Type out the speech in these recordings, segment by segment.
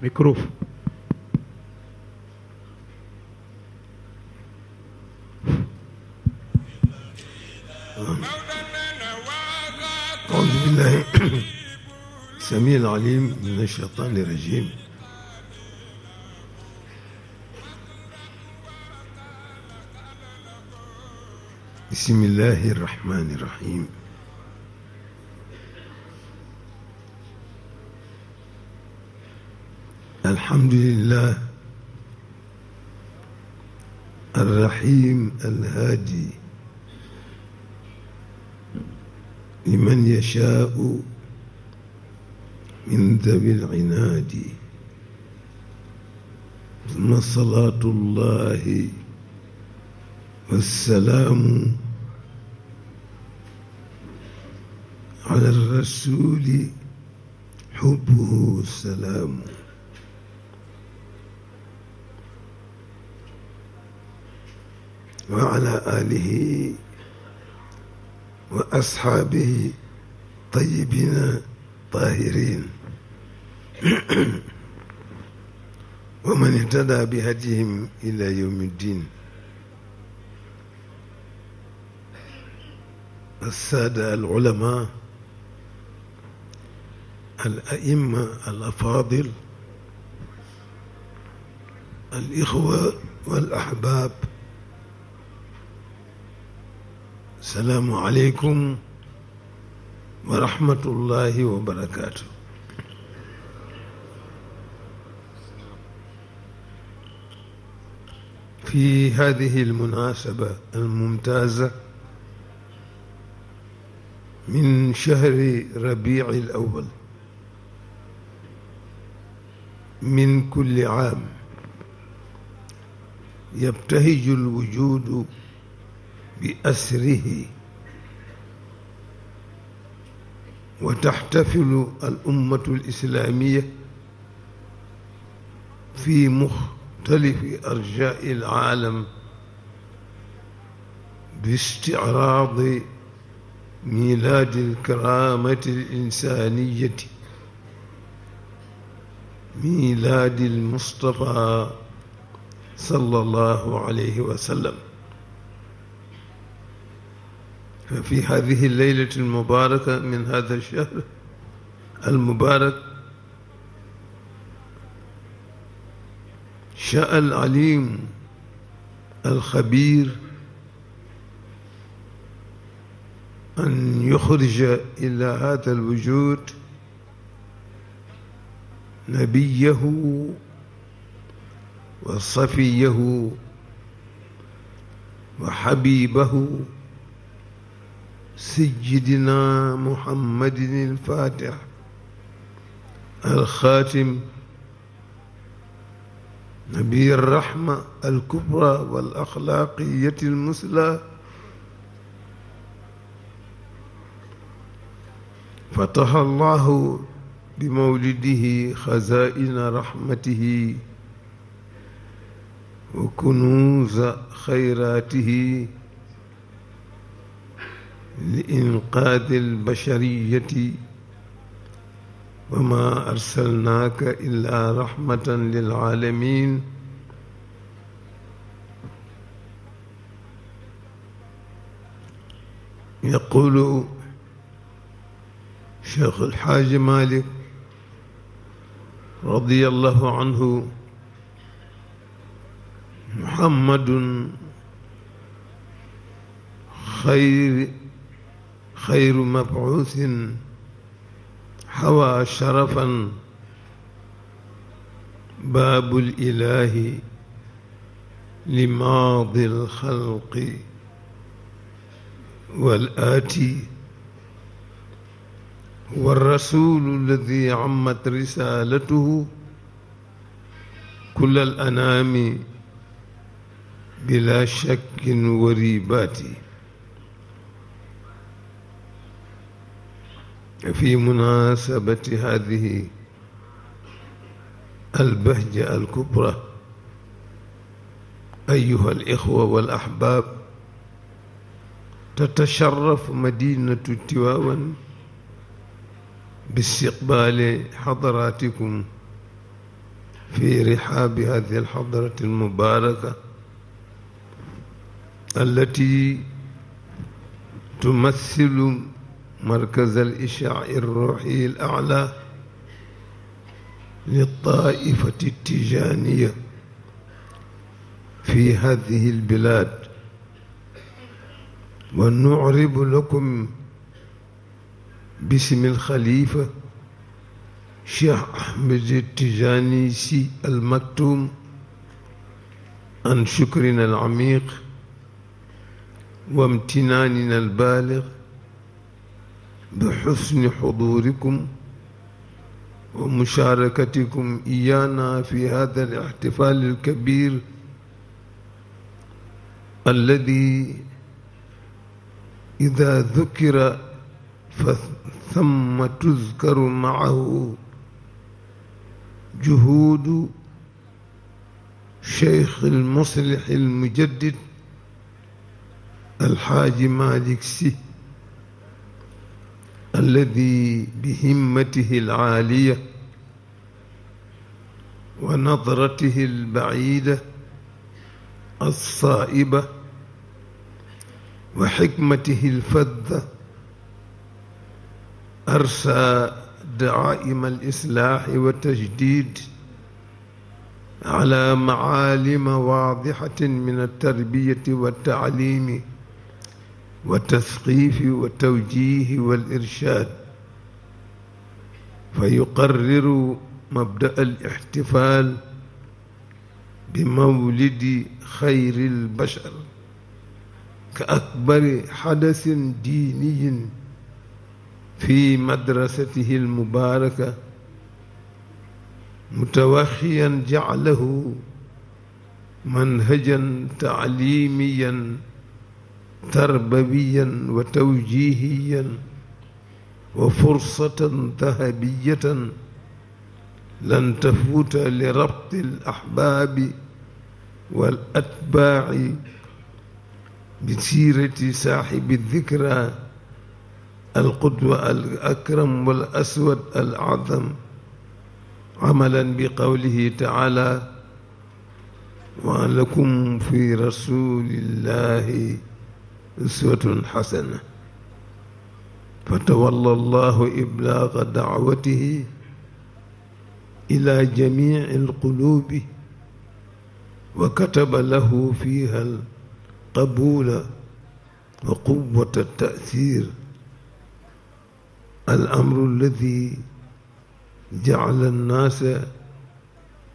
Mikroof أعوذ بالله السميع العليم من الشيطان الرجيم بسم الله الرحمن الرحيم الحمد لله الرحيم الهادي لمن يشاء من ذوي العناد ثم صلاة الله والسلام على الرسول حبه السلام wa ala alihi wa asxaabihi tayyibina tahirin wa man ihtada bi hadihim ila yawmi ddin السادة العلماء الأئمة الأفاضل الإخوة والأحباب asalaamualeykum wa rahmatullahi wa barakaatu. في هذه المناسبة الممتازة من شهر ربيع الأول من كل عام يبتهج الوجود بأسره وتحتفل الأمة الإسلامية في مختلف أرجاء العالم باستعراض ميلاد الكرامة الإنسانية ميلاد المصطفى صلى الله عليه وسلم في هذه الليلة المباركة من هذا الشهر المبارك شاء العليم الخبير أن يخرج إلى هذا الوجود نبيه وصفيه وحبيبه سيدنا محمد الفاتح الخاتم نبي الرحمة الكبرى والأخلاقية المثلى فتح الله بمولده خزائن رحمته وكنوز خيراته لإنقاذ البشرية وما أرسلناك إلا رحمة للعالمين يقول شيخ الحاج مالك رضي الله عنه محمد خير xayru mabuusin xawaa sharafan baabul ilaahi li maadil xalqi wal aati والرسول الذي عمت رسالته كل الأنام بلا شك وريبات في مناسبة هذه البهجة الكبرى أيها الإخوة والأحباب تتشرف مدينة تواون باستقبال حضراتكم في رحاب هذه الحضرة المباركة التي تمثل مركز الإشعاع الروحي الأعلى للطائفة التجانية في هذه البلاد ونعرب لكم باسم الخليفة شيخ أحمد التجاني سي المكتوم عن شكرنا العميق وامتناننا البالغ بحسن حضوركم ومشاركتكم إيانا في هذا الاحتفال الكبير الذي إذا ذكر فثم تذكر معه جهود شيخ المصلح المجدد الحاج مالك سي الذي بهمته العالية ونظرته البعيدة الصائبة وحكمته الفذة أرسى دعائم الإصلاح والتجديد على معالم واضحة من التربية والتعليم wa tasqiifi wa tawjiihi wal irshaad fa yuqarriru mabda al ixtifaal bi mawlidi xayri lbashar ka akbari xadasin diiniyin fi madrasatihi lmubaaraka mutawaxiyan jacalahu manhajan tacliimiyan tarbawiyan wa tawjihiyan wa fursatan dahabiyatan lan tafuuta li rabti al-ahbaabi wal atbaaci bi siirati saaxibi dikra al-qudwa al-akram wal aswad al-acdam camalan bi qawlihi tacaala wa lakum fi rasulillahi uswatun xasana fa tawalla allahu iblaaga dacwatihi ila jamici alquluubi wa kataba lahu fiha alqabuula wa quwata altaasiir alamru alladi jacala annaasa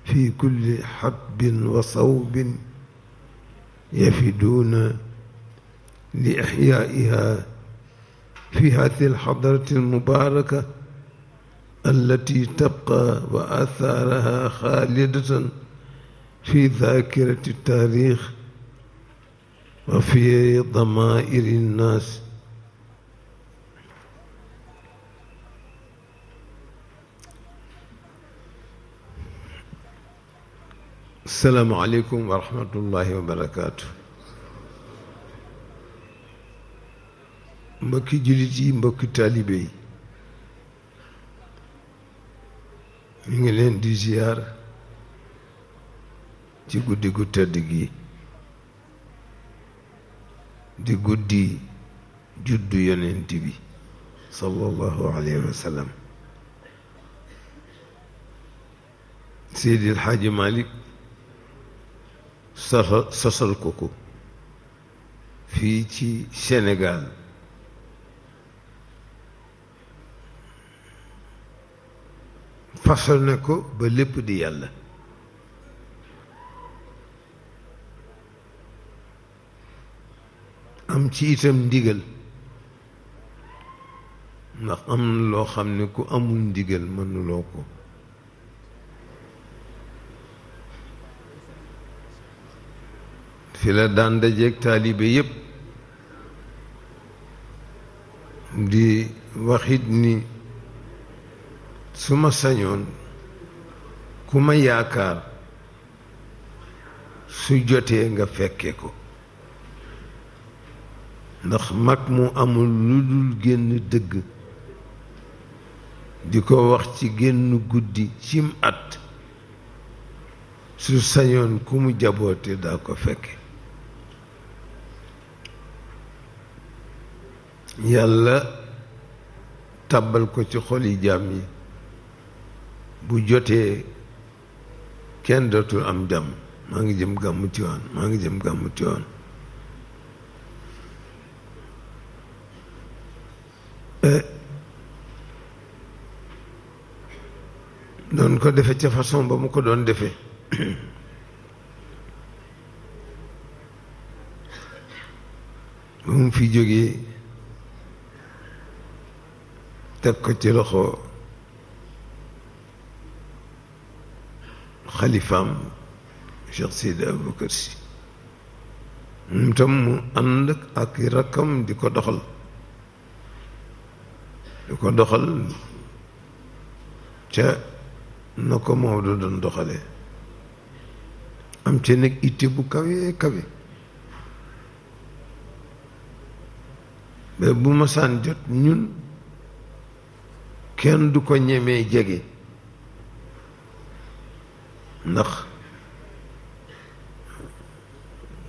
fi kulli xatbin wa sawbin yafiduuna لإحيائها في هذه الحضرة المباركة التي تبقى وآثارها خالدة في ذاكرة التاريخ وفي ضمائر الناس السلام عليكم ورحمة الله وبركاته mbokki jullit yi mbokki taalibe mu ñu ngi leen di ziar ci guddi gu tedd gi di guddi juddu yonent bi sallallahu alayhi wa sallam Seydi El Hadji Malick saxa sosal ko ko fii ci Sénégal fasal na ko ba lépp di yàlla am ci itam ndigal ndax am na loo xam ne ku amul ndigal mënuloo ko fi la daan dajeeg taalibe yépp di waxit ni su ma sañoon ku ma yaakaar su jotee nga fekke ko ndax mag mu amul lu dul génn dëgg di ko wax ci génn guddi cim at su sañoon ku mu jaboote daa ko fekke yàlla tàbbal ko ci xol yi yi bu jotee kenn dootul am jàmm maa ngi jëm gàmmu Tiwaawan maa ngi jëm gàmmu Tiwaawan eh, doon ko defe ca façon ba mu ko doon defe ba mu fi jógee teg ko ci loxo xalifaam Cheikh Seydi Aboubacar Sy moom tam mu ànd ak rakkam di ko doxal di ko doxal ca na ko Maodo doon doxale am ci nag itte bu kawee kawe ba bu masaan jot ñun kenn du ko ñemee jege ndax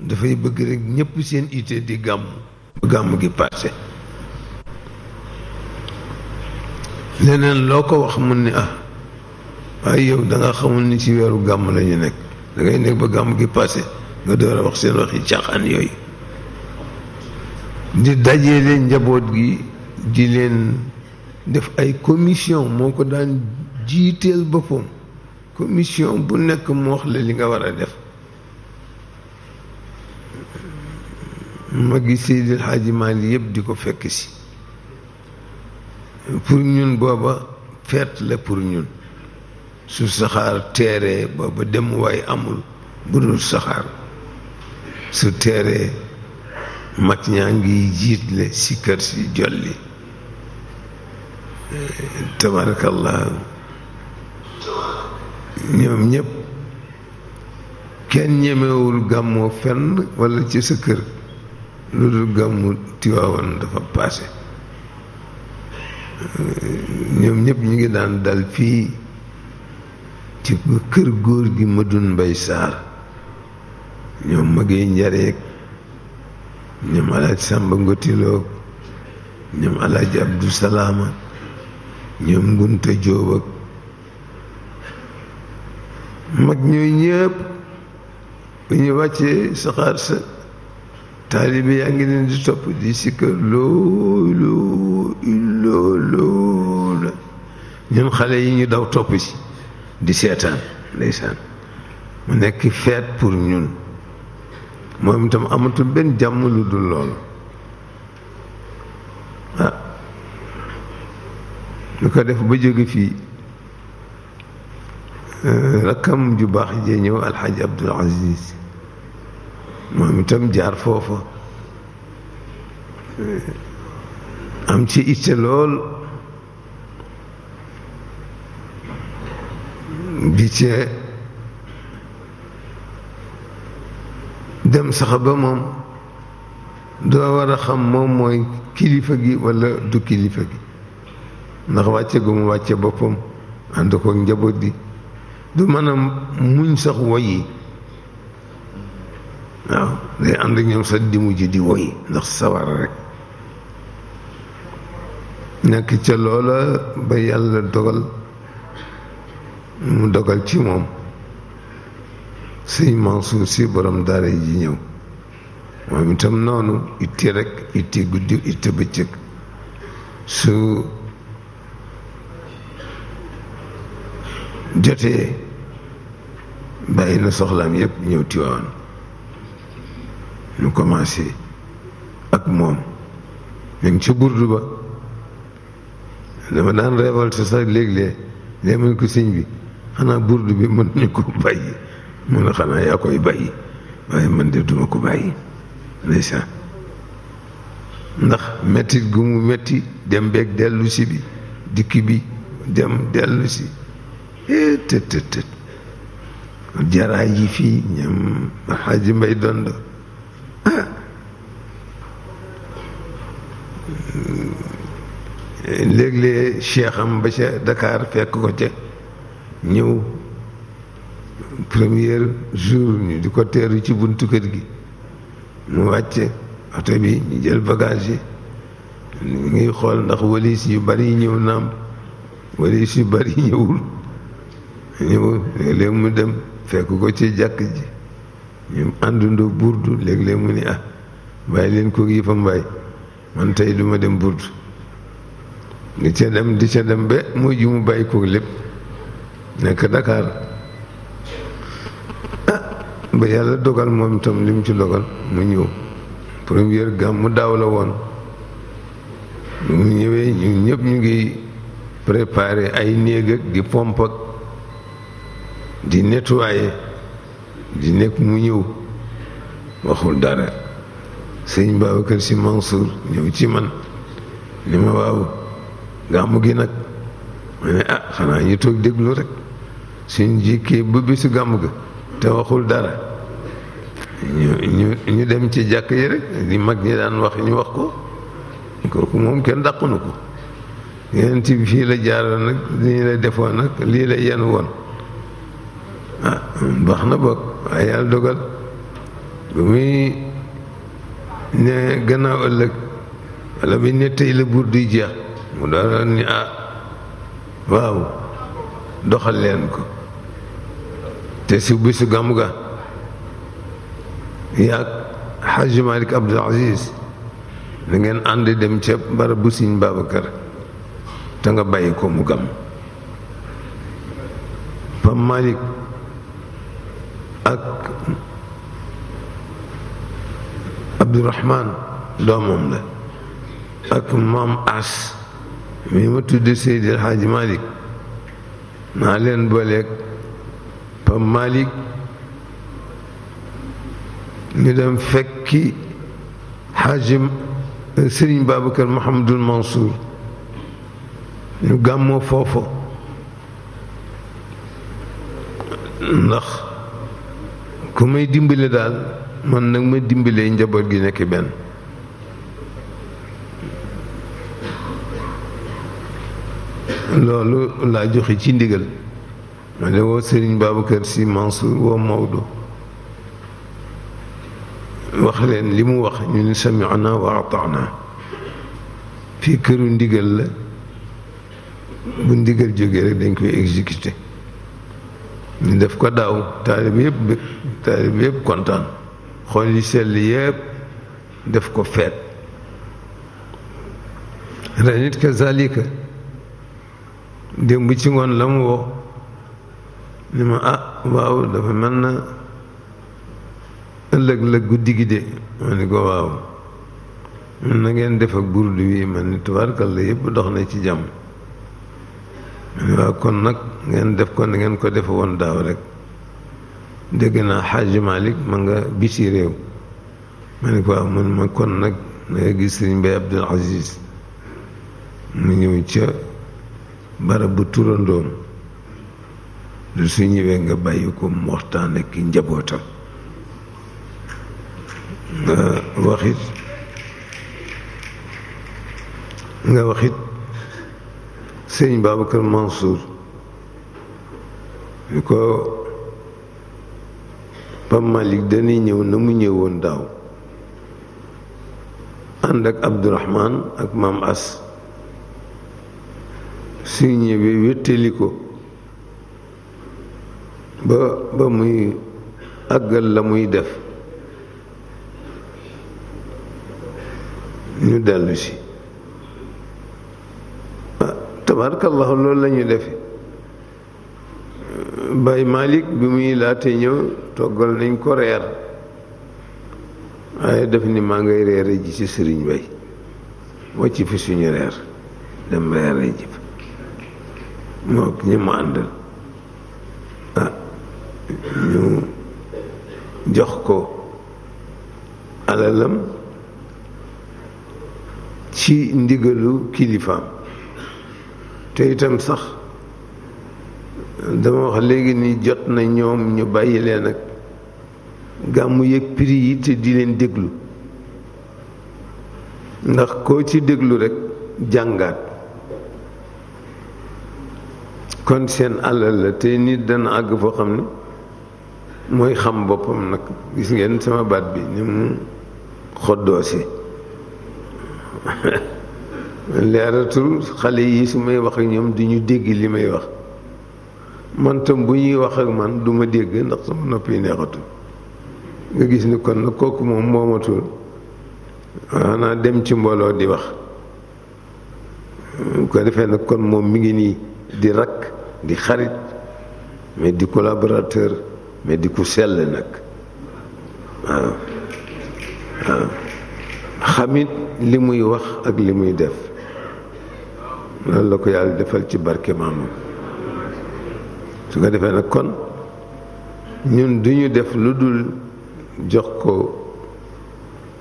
dafay bëgg rek ñëpp seen ité di gàmm gàmm gi passé leneen loo ko wax mun ni ah waaye yow danga nga xamul ni ci weeru gàmm la nekk da ngay nekk ba gàmm gi passé nga door a wax seen waxi caaxaan yooyu di dajale njaboot gi di leen def ay commission moo ko daan jiiteel boppam commission bu nekk mu wax la li nga war a def magi Seydil Hadji Mali yëpp di ko fekk ci pour ñun booba feet la pour ñun su saxaar teeree booba dem waay amul bu dul saxaar su teeree mag ñaa ngi jiitle si kër si jolli tabarakallah ñoom ñëpp kenn ñemewul gàmmoo fenn walla ci sa kër lu dul gàmmu Tiwaawan dafa paase ñoom ñépp ñu ngi daan dal fii ci kër góor gi Madun Mbay Saar ñoom magee njareek ñoom alaaj Sàmba Ngotiloog ñoom alaaj Abdu ñoom Ngunta Jóob mag ñooy ñëpp bu ñu wàccee saxaar sa taalibe yaa ngi leen di topp di sikkar loolu loolu ñun xale yi ñu daw topp ci di seetaan ndeysaan mu nekk feet pour ñun moom itam amatul benn jàmm lu dul lool ah lu ko def ba jóge fii Euh, rakkam ju baax jee ñëw alxaaji abdul aziz moom itam jaar foofa euh, am ci itte lool di cee dem sax ba moom doo war a xam moom mooy kilifa gi walla du kilifa gi ndax wàcce gu mu wàcce boppam ànd ko njaboot gi du mën a muñ sax woy yi waaw day ànd ak ñoom sax di mujj di woy ndax sawar rek nekk ca loola ba yàlla dogal mu dogal ci moom sëñ Mansour si borom daara ji ñëw moom itam noonu itti rek itti guddi itti bëccëg su jotee bàyyi na soxlaam yépp ñëw Tiwaawan ñu commencé ak moom ñu ngi ci burdu ba dama daan révolté sax léeg-léeg léeg mën ko sëñ bi xanaa burdu bi mën nañu ko bàyyi mun a xanaa yaa koy bàyyi waaye mën de duma ko bàyyi ndax mettit gu mu metti dem beeg dellu si bi dikk bi dem dellu si tët jaraa yi fii ñoom mbay dondo ah léeg-léeg cheikh ba ca Dakar fekk ko ca ñëw premier jour ñu di ko teeru ci buntu kër gi mu wàcce oto ñu jël bagage yi ñu ngi xool ndax walis yu bari ñëw naam walis yu bari ñëwul ñëw léeg-léeg mu dem fekk ko ci jàkk ji ñu àndundoo burdu léeg-léeg mu ni ah bàyyi leen ko yi fa mbaay man tey duma dem burdu di ca dem di ca dem ba mujj mu bàyyi ko lépp nekk Dakar ah, ba yàlla dogal moom itam li ci dogal mu ñëw première gàmmu daaw la woon mu ñëwee ñun ñëpp ñu ngi préparé ay néeg di pomp di nettoyé di nekk mu ñëw waxul dara sëñ Babacar Si Mansour ñëw ci man ni ma gi nag ma ne ah xanaa ñu toog déglu rek suñ jikkee ba bisu gàmm gi te waxul dara ñu ñu ñu dem ci jàkk yi rek li mag ñi daan wax ñu wax ko kooku moom kenn dàqunu ko yeneen ci fii la jaaral nag lii la defoon nag lii la yenn woon ah baax na boog waaye dogal bu muy ne gannaaw ëllëg wala bi ne tey la buur di jeex mu doon ni ah waaw doxal leen ko te si bisu gàmmu ga yaag Xaaji Malik Abdul Aziz da ngeen ànd dem ca barab bu Sëñ Babacar te nga bàyyi ko Pam Malik ak Abdourahman doomam la ak maam As mi ma tudde Seydi El Hadji Malick naa leen booleeg Pam Malick ñu dem fekki xaajim eh, Serigne Babacar Mouhamadul Mansour ñu gàmmoo foofu ndax ku may dimbale daal man nag ma dimbalee njaboot gi nekk benn loolu laa joxe ci ndigal ma woo Serigne Babacar Sy Mansour woo Maodo wax leen li mu wax ñu ni sami'na wa ata'na fii këru ndigal la bu ndigal jógee rek dañ koy exécuté ñu def ko daaw taalib yëpp bég taalib yëpp kontaan xool yi sell yëpp def ko feet ren it kazalika démb ci ngoon la mu woo ni ma ah waaw dafa mel na ëllëg la guddi gi de ma ni ko waaw mun na ngeen def ak burdu wi ma ni tubaarkal la yëpp dox na ci jàmm ma kon nag ngeen def ko ni ngeen ko defe woon daaw rek dégg naa xaaji Malick ma nga biti réew ma ne ko waaw ma kon nag na gis sëriñ Bay Abdul Aziz mu ñëw ca barab bu turandoom lu su ñëwee nga bàyyi waxtaan ak njabootam nga waxit nga waxit sëriñ Babacar Mansour li ko Pape Malick dañuy ñëw na mu ñëwoon daaw ànd ak Abdourahman ak maam As su ñëwee wéttali ko ba ba muy àggal la muy def ñu dellu si ah, tabaarkallahu loolu la ñu defe Baay Malick bi muy laate ñëw toggal nañ ko reer waaye def ni maa ngay reere ji ci sëriñ bay wàcc fi suñu reer dem reere ji moo ñi mu àndal ah ñu jox ko alalam ci ndigalu kilifaam te itam sax dama wax léegi ni jot na ñoom ñu bàyyi leen ak gàmmu yëg prix yi te di leen déglu ndax koo ci déglu rekk jàngaat kon seen alal la te nit dana àgg foo xam ne mooy xam boppam nag gis ngeen sama baat bi ni mu xoddoo leeratul xale yi su may wax ak ñoom du ñu dégg li may wax mantam bu ñuy wax ak man du ma dégg ndax sama nopp yi nga gis ni kon nag kooku moom moomatul xanaa dem ci mbooloo di wax ko defee nag kon moom mi ngi nii di rakk di xarit mais di collaborateur mais di ku sell nag waaw waaw xamit li muy wax ak li muy def na la ko yàlla defal ci barke maamam su ko defee nag kon ñun du ñu def lu dul jox ko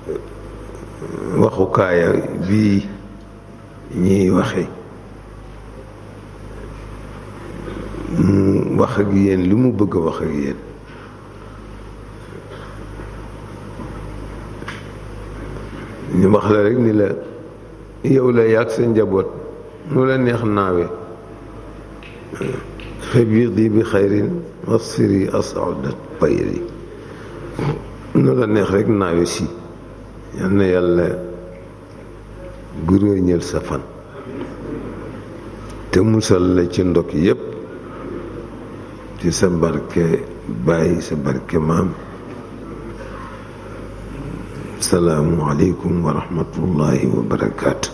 euh, waxukaaya bii ñuy waxe mu wax ak yéen li mu bëgg a wax ak yéen ñu wax la rek ni la yow la yàgg sa njaboot nu la neex naawe xabiidi bi xayrin asfiri asaudat bayri nu la neex rekk naawe si yal yàlla guróo ñël sa fan te musal la ci ndok yépp ci sa barke bàyyi sa barke maam salaamu aleykum wa wa barakaatu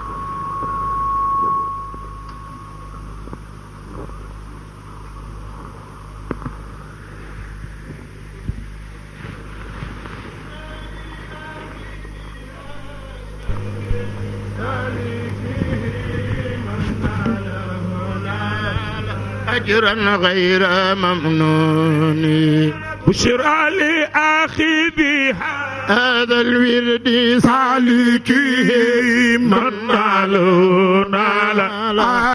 أجرا غير ممنون بشرى لأخي بها هذا الورد سالكه من على